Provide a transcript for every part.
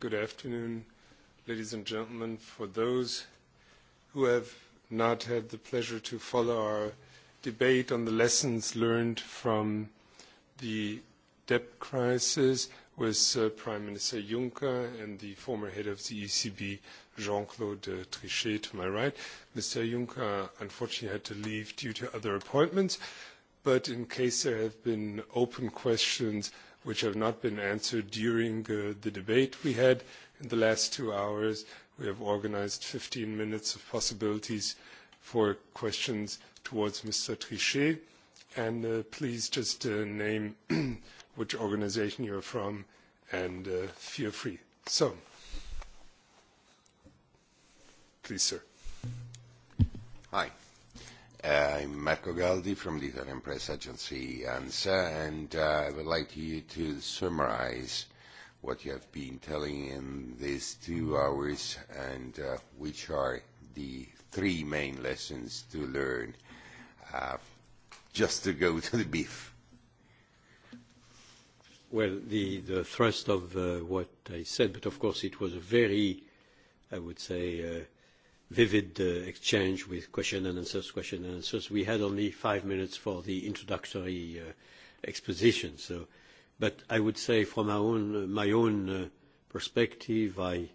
Good afternoon, ladies and gentlemen. For those who have not had the pleasure to follow our debate on the lessons learned from the debt crisis with Prime Minister Juncker and the former head of the ECB, Jean-Claude Trichet, to my right. Mr. Juncker, unfortunately, had to leave due to other appointments, but in case there have been open questions, which have not been answered during the debate we had in the last two hours. We have organized 15 minutes of possibilities for questions towards Mr. Trichet. And please just name which organization are from and feel free. So, please, sir. Hi. I'm Marco Galdi from the Italian press agency ANSA, and I would like you to summarize what you have been telling in these two hours and which are the three main lessons to learn, just to go to the beef. Well, the thrust of what I said, but of course it was a very, I would say, vivid exchange with question and answers, questions and answers. We had only five minutes for the introductory exposition. So, but I would say from my own, my own perspective, I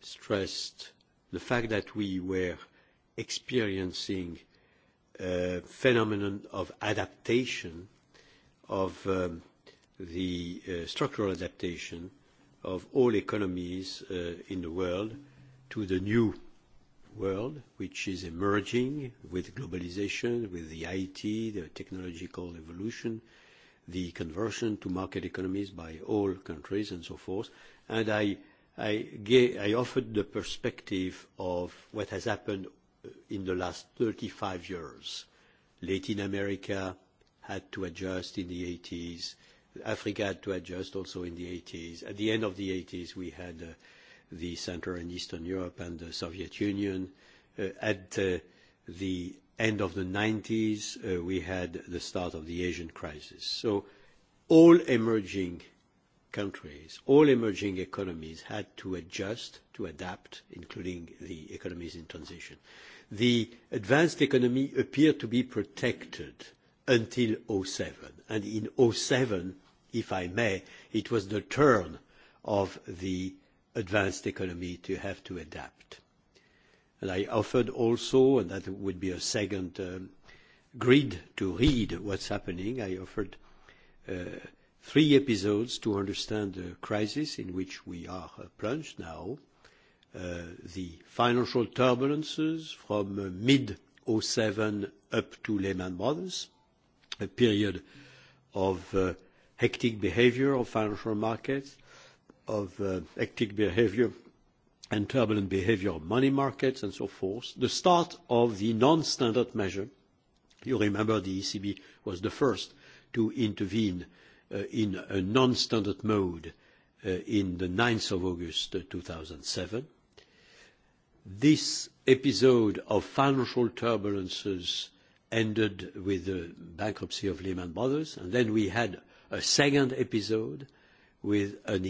stressed the fact that we were experiencing a phenomenon of adaptation, of the structural adaptation of all economies in the world to the new world, which is emerging with globalization, with the IT, the technological evolution, the conversion to market economies by all countries and so forth. And I I offered the perspective of what has happened in the last 35 years. Latin America had to adjust in the 80s. Africa had to adjust also in the 80s. At the end of the 80s, we had the Central and Eastern Europe and the Soviet Union. At the end of the 90s, we had the start of the Asian crisis. So all emerging countries, all emerging economies had to adjust, to adapt, including the economies in transition. The advanced economy appeared to be protected until 07. And in 07, if I may, it was the turn of the advanced economy to have to adapt. And I offered also, and that would be a second grid to read what's happening, I offered three episodes to understand the crisis in which we are plunged now, the financial turbulences from mid-07 up to Lehman Brothers, a period of hectic behavior of financial markets, of hectic behavior and turbulent behaviour of money markets and so forth, the start of the non-standard measure. You remember the ECB was the first to intervene in a non-standard mode in the 9th of August 2007. This episode of financial turbulences ended with the bankruptcy of Lehman Brothers, and then we had a second episode with an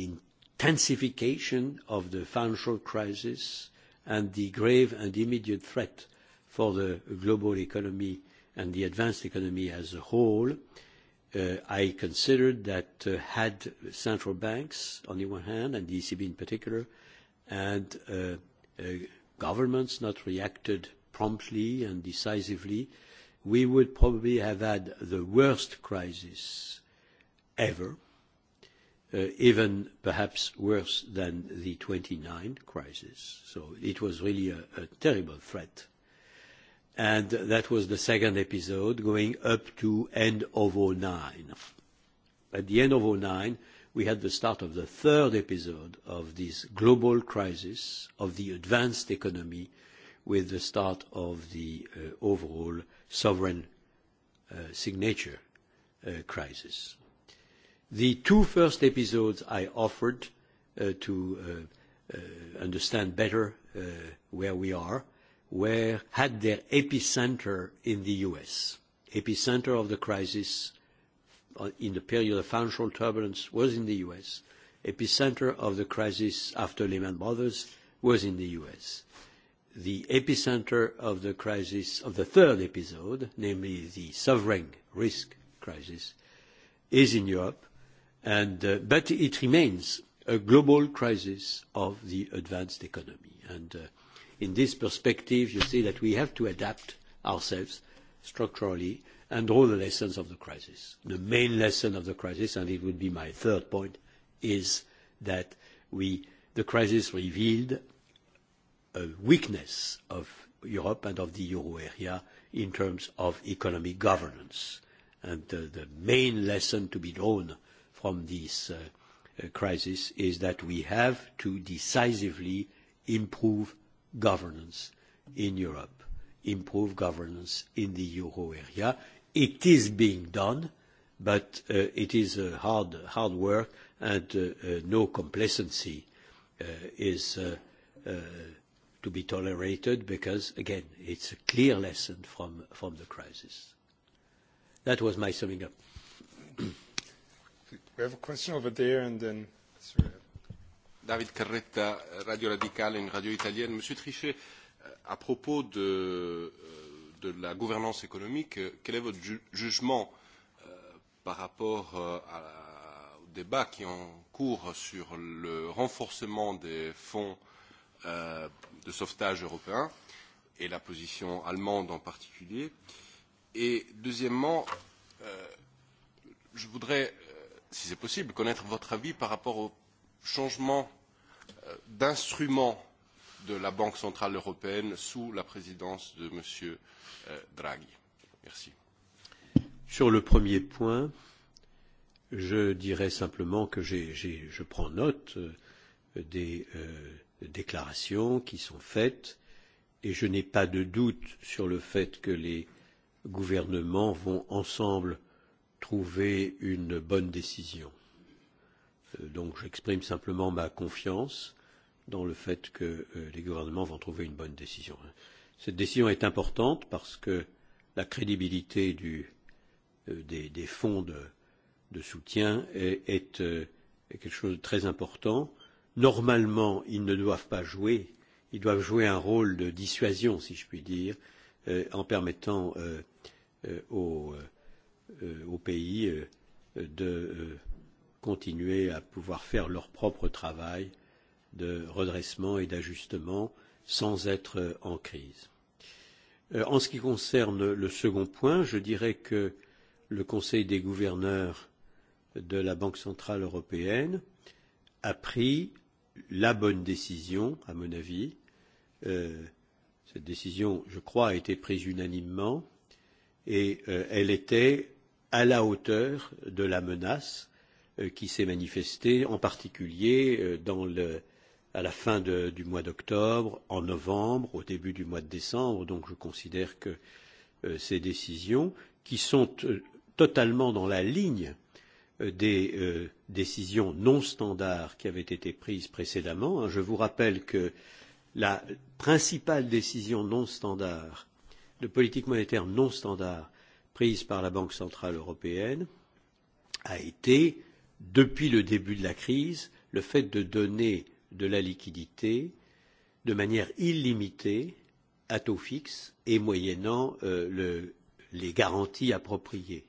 intensification of the financial crisis and the grave and immediate threat for the global economy and the advanced economy as a whole, I considered that had central banks on the one hand, and the ECB in particular, and governments not reacted promptly and decisively, we would probably have had the worst crisis ever even perhaps worse than the 29 crisis. So it was really a terrible threat. And that was the second episode, going up to end of 09. At the end of nine, we had the start of the third episode of this global crisis of the advanced economy with the start of the overall sovereign signature crisis. The two first episodes I offered to understand better where we are were had their epicenter in the US. Epicenter of the crisis in the period of financial turbulence was in the US. Epicenter of the crisis after Lehman Brothers was in the US. The epicenter of the crisis of the third episode, namely the sovereign risk crisis, is in Europe But it remains a global crisis of the advanced economy. And in this perspective, you see that we have to adapt ourselves structurally and draw the lessons of the crisis. The main lesson of the crisis, and it would be my third point, is that the crisis revealed a weakness of Europe and of the euro area in terms of economic governance. And the main lesson to be drawn from this crisis is that we have to decisively improve governance in Europe, improve governance in the euro area. It is being done, but it is hard work and no complacency is to be tolerated because, again, it's a clear lesson from the crisis. That was my summing up. We have and then. David Carretta, Radio Radicale, une radio italienne. Monsieur Trichet, à propos de, de la gouvernance économique, quel est votre jugement par rapport à, au débat qui est en cours sur le renforcement des fonds de sauvetage européens et la position allemande en particulier Et deuxièmement, je voudrais si c'est possible, connaître votre avis par rapport au changement d'instrument de la Banque centrale européenne sous la présidence de M. Draghi. Merci. Sur le premier point, je dirais simplement que je prends note des déclarations qui sont faites et je n'ai pas de doute sur le fait que les gouvernements vont ensemble trouver une bonne décision. Donc j'exprime simplement ma confiance dans le fait que les gouvernements vont trouver une bonne décision. Cette décision est importante parce que la crédibilité des fonds de soutien est quelque chose de très important. Normalement, ils ne doivent pas jouer, ils doivent jouer un rôle de dissuasion, si je puis dire, en permettant aux aux pays de continuer à pouvoir faire leur propre travail de redressement et d'ajustement sans être en crise. En ce qui concerne le second point, je dirais que le Conseil des gouverneurs de la Banque centrale européenne a pris la bonne décision, à mon avis. Cette décision, je crois, a été prise unanimement et elle était à la hauteur de la menace qui s'est manifestée en particulier à la fin du mois d'octobre, en novembre, au début du mois de décembre. Donc je considère que ces décisions, qui sont totalement dans la ligne des décisions non standards qui avaient été prises précédemment. Je vous rappelle que la principale décision non standard de politique monétaire non standard prise par la Banque centrale européenne a été, depuis le début de la crise, le fait de donner de la liquidité de manière illimitée, à taux fixe et moyennant les garanties appropriées.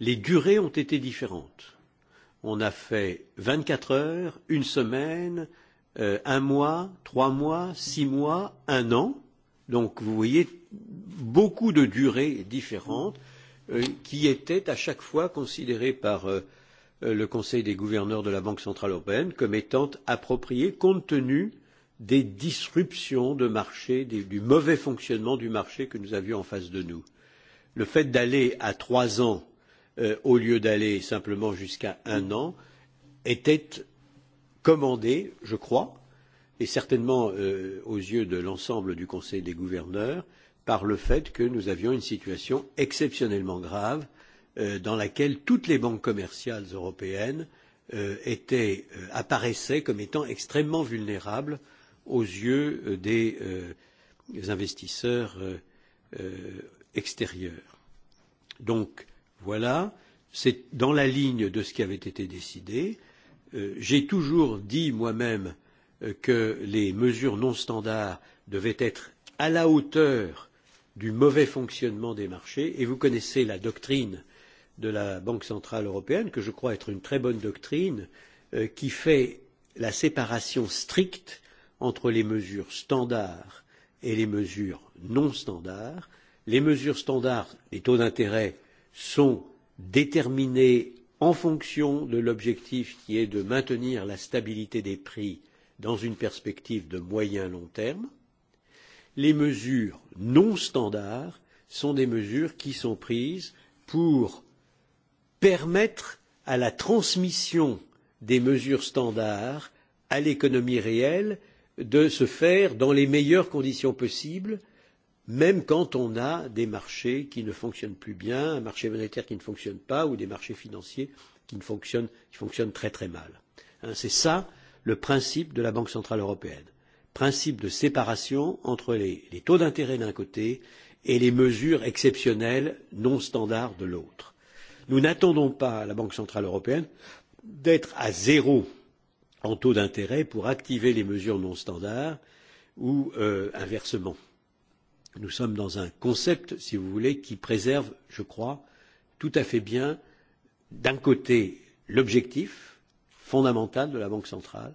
Les durées ont été différentes. On a fait 24 heures, une semaine, un mois, trois mois, six mois, un an. Donc vous voyez beaucoup de durées différentes qui étaient à chaque fois considérées par le Conseil des gouverneurs de la Banque centrale européenne comme étant appropriées compte tenu des disruptions de marché, du mauvais fonctionnement du marché que nous avions en face de nous. Le fait d'aller à trois ans au lieu d'aller simplement jusqu'à un an était commandé, je crois, et certainement aux yeux de l'ensemble du Conseil des gouverneurs, par le fait que nous avions une situation exceptionnellement grave dans laquelle toutes les banques commerciales européennes apparaissaient comme étant extrêmement vulnérables aux yeux des investisseurs extérieurs. Donc voilà, c'est dans la ligne de ce qui avait été décidé. J'ai toujours dit moi-même que les mesures non standards devaient être à la hauteur du mauvais fonctionnement des marchés et vous connaissez la doctrine de la Banque centrale européenne, que je crois être une très bonne doctrine, qui fait la séparation stricte entre les mesures standards et les mesures non standards. Les mesures standards, les taux d'intérêt, sont déterminés en fonction de l'objectif qui est de maintenir la stabilité des prix dans une perspective de moyen long terme. Les mesures non standards sont des mesures qui sont prises pour permettre à la transmission des mesures standards à l'économie réelle de se faire dans les meilleures conditions possibles, même quand on a des marchés qui ne fonctionnent plus bien, un marché monétaire qui ne fonctionne pas ou des marchés financiers qui fonctionnent très très mal. C'est ça le principe de la Banque centrale européenne, principe de séparation entre les taux d'intérêt d'un côté et les mesures exceptionnelles non standards de l'autre. Nous n'attendons pas la Banque centrale européenne d'être à zéro en taux d'intérêt pour activer les mesures non standards ou inversement. Nous sommes dans un concept, si vous voulez, qui préserve, je crois, tout à fait bien, d'un côté, l'objectif fondamentale de la Banque centrale,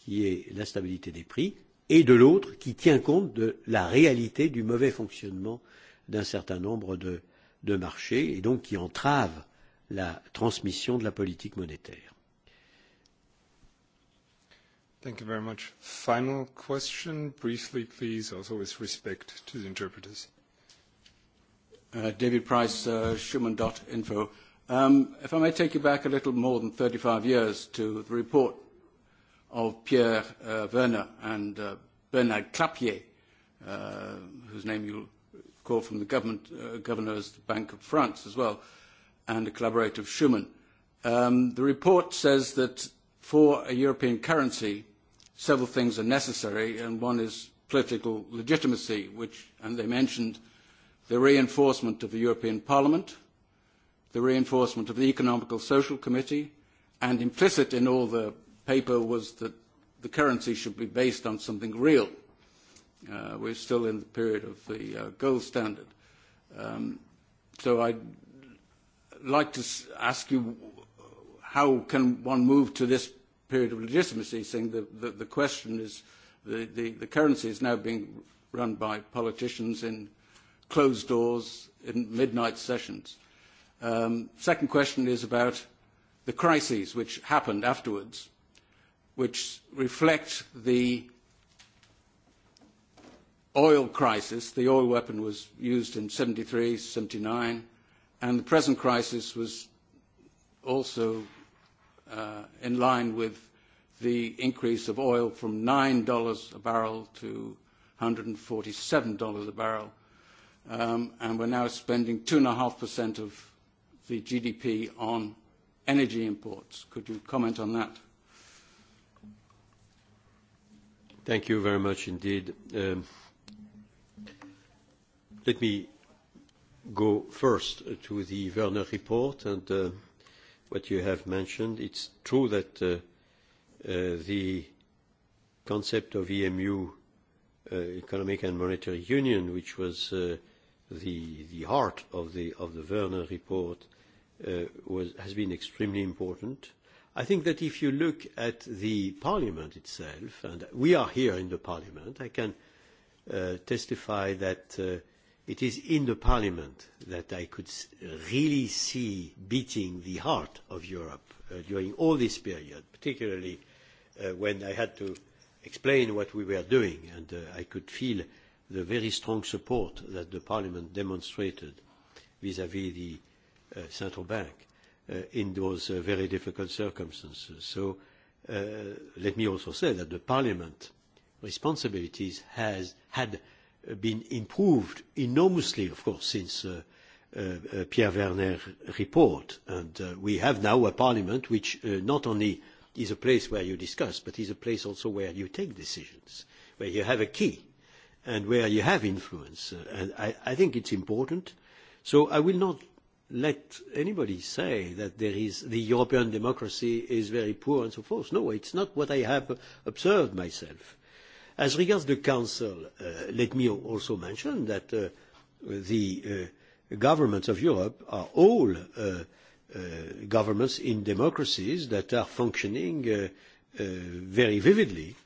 qui est la stabilité des prix, et de l'autre, qui tient compte de la réalité du mauvais fonctionnement d'un certain nombre de marchés, et donc qui entrave la transmission de la politique monétaire. Final question, briefly, please, also respect to the interpreters. If I may take you back a little more than 35 years to the report of Pierre Werner and Bernard Clapier, whose name you'll call from the government, governors the Bank of France as well, and a collaborator of Schuman. The report says that for a European currency, several things are necessary, and one is political legitimacy, which, and they mentioned the reinforcement of the European Parliament, the reinforcement of the Economical Social Committee, and implicit in all the paper was that the currency should be based on something real. We're still in the period of the gold standard. So I'd like to ask you, how can one move to this period of legitimacy, seeing that the question is the currency is now being run by politicians in closed doors, in midnight sessions? Second question is about the crises which happened afterwards, which reflect the oil crisis. The oil weapon was used in 73, 79, and the present crisis was also in line with the increase of oil from $9 a barrel to $147 a barrel, and we're now spending 2.5% of the GDP on energy imports. Could you comment on that? Thank you very much indeed. Let me go first to the Werner report and what you have mentioned. It's true that the concept of EMU, Economic and Monetary Union, which was the heart of the Werner report, has been extremely important. I think that if you look at the Parliament itself, and we are here in the Parliament, I can testify that it is in the Parliament that I could really see beating the heart of Europe during all this period, particularly when I had to explain what we were doing, and I could feel the very strong support that the Parliament demonstrated vis-à-vis the central bank in those very difficult circumstances. So let me also say that the Parliament responsibilities has had been improved enormously, of course, since Pierre Werner report. And we have now a Parliament which not only is a place where you discuss, but is a place also where you take decisions, where you have a key and where you have influence. And I think it's important. So I will not let anybody say that there is the European democracy is very poor and so forth. No, it's not what I have observed myself. As regards the Council, let me also mention that the governments of Europe are all governments in democracies that are functioning very vividly.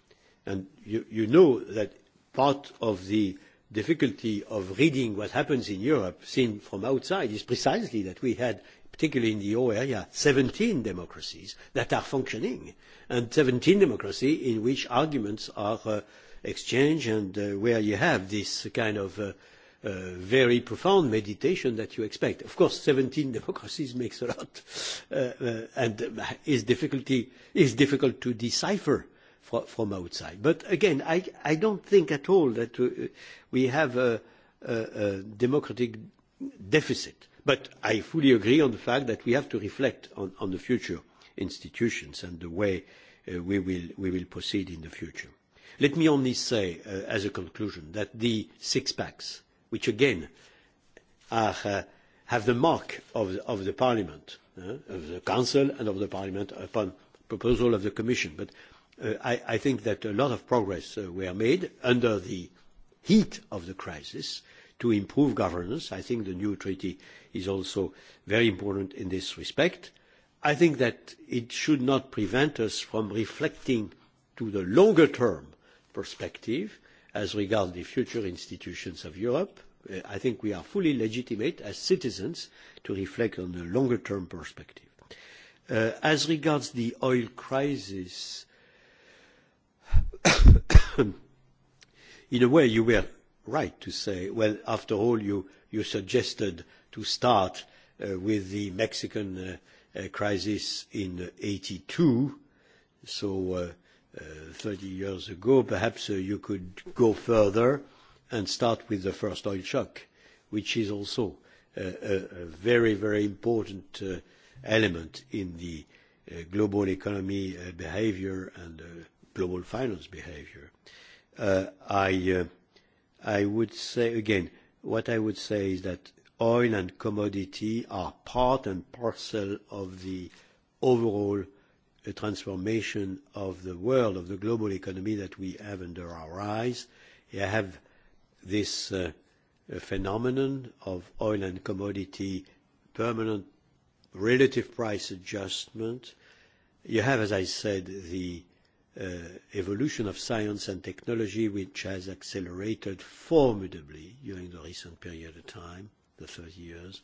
And you know that part of the difficulty of reading what happens in Europe seen from outside is precisely that we had, particularly in the euro area, 17 democracies that are functioning, and 17 democracies in which arguments are exchanged and where you have this kind of very profound meditation that you expect. Of course, 17 democracies makes a lot and is difficult to decipher from outside. But again, I don't think at all that we have a democratic deficit. But I fully agree on the fact that we have to reflect on the future institutions and the way we will proceed in the future. Let me only say, as a conclusion, that the six packs, which again have the mark of the Parliament, of the Council and of the Parliament upon proposal of the Commission, but I think that a lot of progress were made under the heat of the crisis to improve governance. I think the new treaty is also very important in this respect. I think that it should not prevent us from reflecting to the longer term perspective as regards the future institutions of Europe. I think we are fully legitimate as citizens to reflect on the longer term perspective. As regards the oil crisis, in a way you were right to say well after all you you suggested to start with the mexican crisis in 82 so 30 years ago perhaps you could go further and start with the first oil shock which is also a very very important element in the global economy behavior and global finance behavior. I I would say again, what I would say is that oil and commodity are part and parcel of the overall transformation of the world, of the global economy that we have under our eyes. You have this phenomenon of oil and commodity permanent relative price adjustment. You have, as I said, the evolution of science and technology which has accelerated formidably during the recent period of time, the 30 years,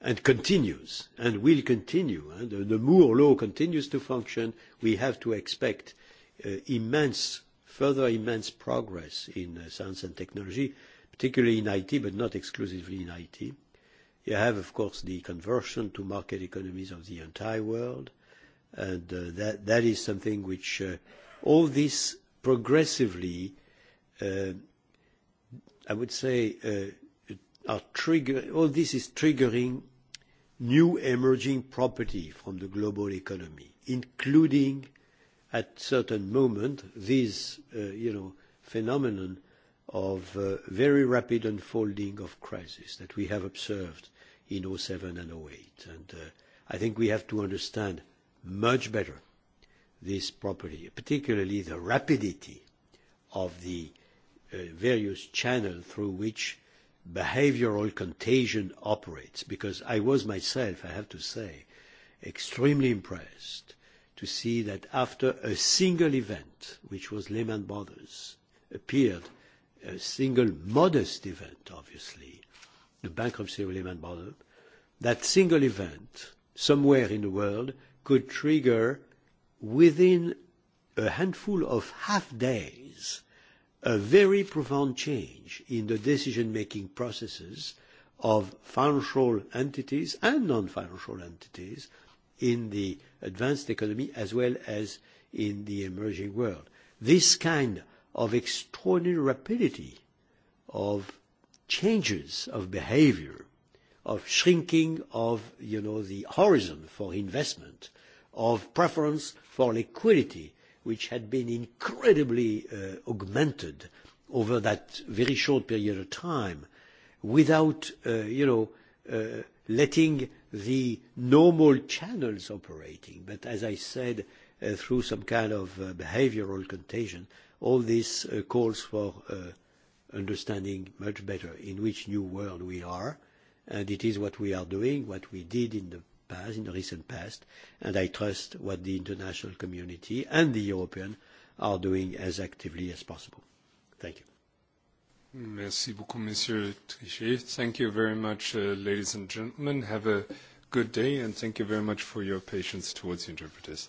and continues and will continue. The Moore law continues to function. We have to expect immense, further immense progress in science and technology, particularly in IT, but not exclusively in IT. You have, of course, the conversion to market economies of the entire world and that that is something which all this progressively i would say are trigger all this is triggering new emerging property from the global economy including at certain moment this you know phenomenon of very rapid unfolding of crisis that we have observed in 07 and 08 and i think we have to understand much better this property, particularly the rapidity of the various channels through which behavioral contagion operates, because I was myself, I have to say, extremely impressed to see that after a single event, which was Lehman Brothers, appeared a single modest event, obviously, the bankruptcy of Lehman Brothers, that single event somewhere in the world could trigger within a handful of half days a very profound change in the decision making processes of financial entities and non financial entities in the advanced economy as well as in the emerging world. This kind of extraordinary rapidity of changes of behaviour of shrinking of the horizon for investment, of preference for liquidity, which had been incredibly augmented over that very short period of time, without letting the normal channels operating, but as I said, through some kind of behavioral contagion, all this calls for understanding much better in which new world we are and it is what we are doing, what we did in the past, in the recent past, and I trust what the international community and the European are doing as actively as possible. Thank you. Merci beaucoup, Monsieur Trichet. Thank you very much, ladies and gentlemen. Have a good day, and thank you very much for your patience towards the interpreters.